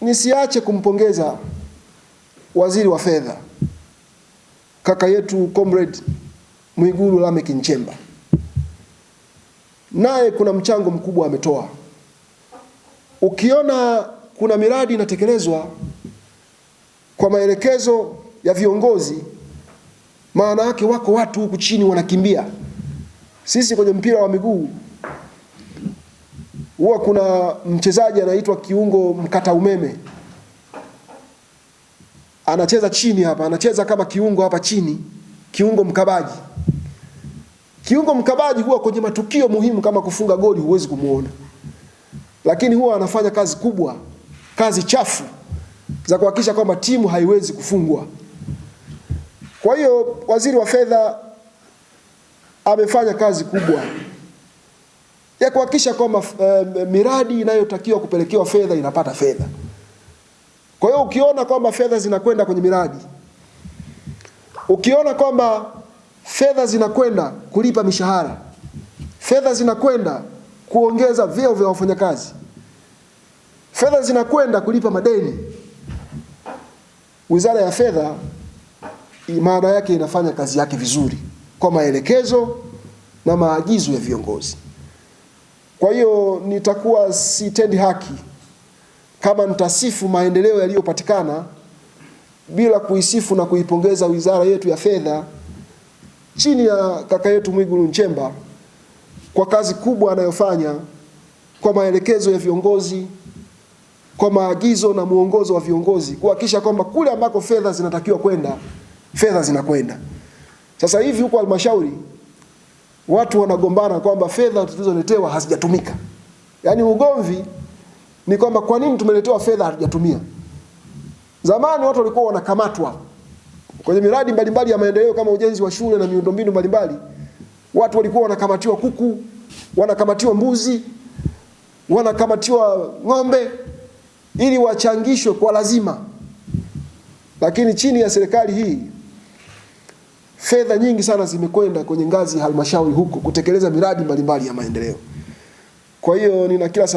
nisiache kumpongeza waziri wa fedha kaka yetu comrade Mwigulu Lameck Nchemba, naye kuna mchango mkubwa ametoa. Ukiona kuna miradi inatekelezwa kwa maelekezo ya viongozi, maana yake wako watu huku chini wanakimbia. Sisi kwenye mpira wa miguu huwa kuna mchezaji anaitwa kiungo mkata umeme, anacheza chini hapa, anacheza kama kiungo hapa chini, kiungo mkabaji. Kiungo mkabaji huwa kwenye matukio muhimu kama kufunga goli huwezi kumuona, lakini huwa anafanya kazi kubwa, kazi chafu za kuhakikisha kwamba timu haiwezi kufungwa. Kwa hiyo waziri wa fedha amefanya kazi kubwa ya kuhakikisha kwamba eh, miradi inayotakiwa kupelekewa fedha inapata fedha. Kwa hiyo ukiona kwamba fedha zinakwenda kwenye miradi, ukiona kwamba fedha zinakwenda kulipa mishahara, fedha zinakwenda kuongeza vyeo vya wafanyakazi, fedha zinakwenda kulipa madeni, Wizara ya Fedha maana yake inafanya kazi yake vizuri kwa maelekezo na maagizo ya viongozi. Kwa hiyo nitakuwa sitendi haki kama nitasifu maendeleo yaliyopatikana bila kuisifu na kuipongeza wizara yetu ya fedha chini ya kaka yetu Mwigulu Nchemba kwa kazi kubwa anayofanya, kwa maelekezo ya viongozi, kwa maagizo na mwongozo wa viongozi kuhakikisha kwamba kule ambako fedha zinatakiwa kwenda, fedha zinakwenda. Sasa hivi huko halmashauri watu wanagombana kwamba fedha tulizoletewa hazijatumika. Yaani ugomvi ni kwamba kwa nini tumeletewa fedha hatujatumia? Zamani watu walikuwa wanakamatwa kwenye miradi mbalimbali mbali ya maendeleo kama ujenzi wa shule na miundombinu mbalimbali, watu walikuwa wanakamatiwa kuku, wanakamatiwa mbuzi, wanakamatiwa ng'ombe ili wachangishwe kwa lazima, lakini chini ya serikali hii fedha nyingi sana zimekwenda kwenye ngazi ya halmashauri huko kutekeleza miradi mbalimbali ya maendeleo. Kwa hiyo nina kila